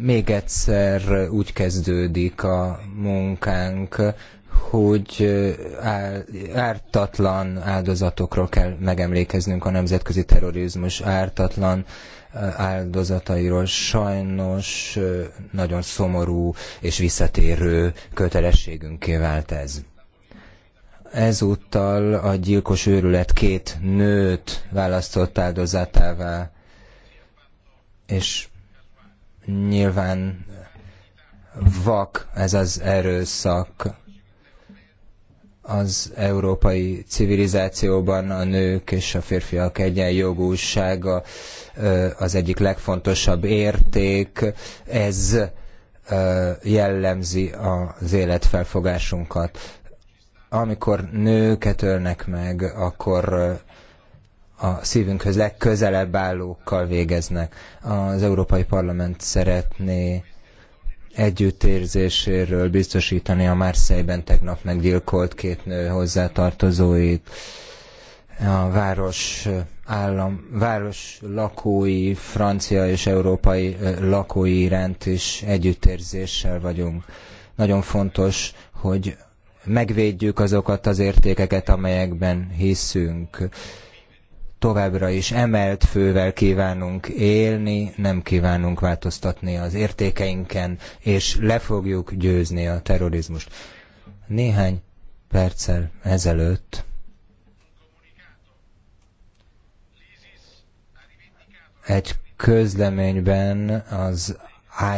Még egyszer úgy kezdődik a munkánk, hogy ártatlan áldozatokról kell megemlékeznünk a nemzetközi terrorizmus ártatlan áldozatairól. Sajnos nagyon szomorú és visszatérő kötelességünké vált ez. Ezúttal a gyilkos őrület két nőt választott áldozatává, és Nyilván vak ez az erőszak. Az európai civilizációban a nők és a férfiak egyenjogúsága az egyik legfontosabb érték. Ez jellemzi az életfelfogásunkat. Amikor nőket ölnek meg, akkor a szívünkhöz legközelebb állókkal végeznek. Az Európai Parlament szeretné együttérzéséről biztosítani a Marseille-ben tegnap meggyilkolt két nő hozzátartozóit. A város állam, város lakói, francia és európai lakói iránt is együttérzéssel vagyunk. Nagyon fontos, hogy megvédjük azokat az értékeket, amelyekben hiszünk továbbra is emelt fővel kívánunk élni, nem kívánunk változtatni az értékeinken, és le fogjuk győzni a terrorizmust. Néhány perccel ezelőtt egy közleményben az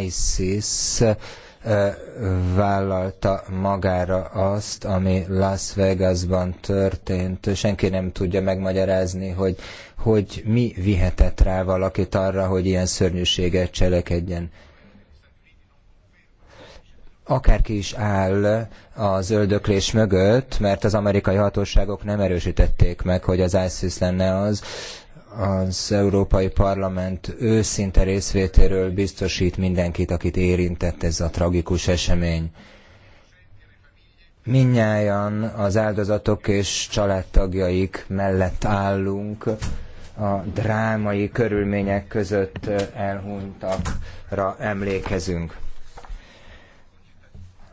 ISIS vállalta magára azt, ami Las Vegasban történt. Senki nem tudja megmagyarázni, hogy, hogy mi vihetett rá valakit arra, hogy ilyen szörnyűséget cselekedjen akárki is áll az öldöklés mögött, mert az amerikai hatóságok nem erősítették meg, hogy az ISIS lenne az, az Európai Parlament őszinte részvétéről biztosít mindenkit, akit érintett ez a tragikus esemény. Minnyáján az áldozatok és családtagjaik mellett állunk a drámai körülmények között elhunytakra emlékezünk.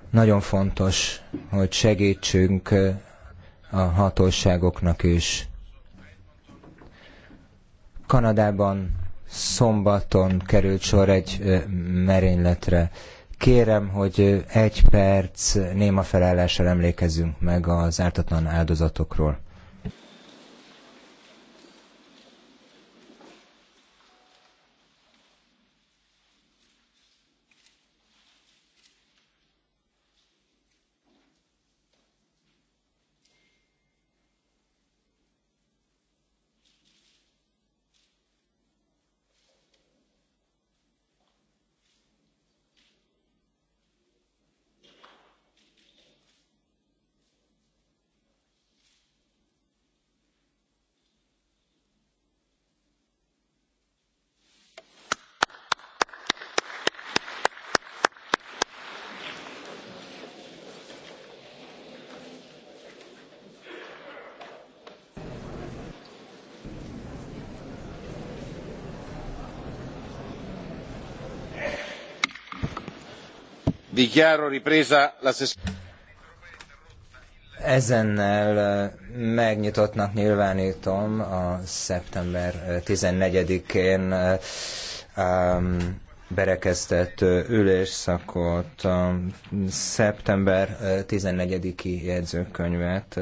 Nagyon fontos, hogy segítsünk a hatóságoknak is Kanadában szombaton került sor egy merényletre. Kérem, hogy egy perc néma felállással emlékezzünk meg az ártatlan áldozatokról. Ezennel eh, megnyitottnak nyilvánítom a szeptember 14-én eh, um, eh, berekeztett ülésszakot, a szeptember 14-i jegyzőkönyvet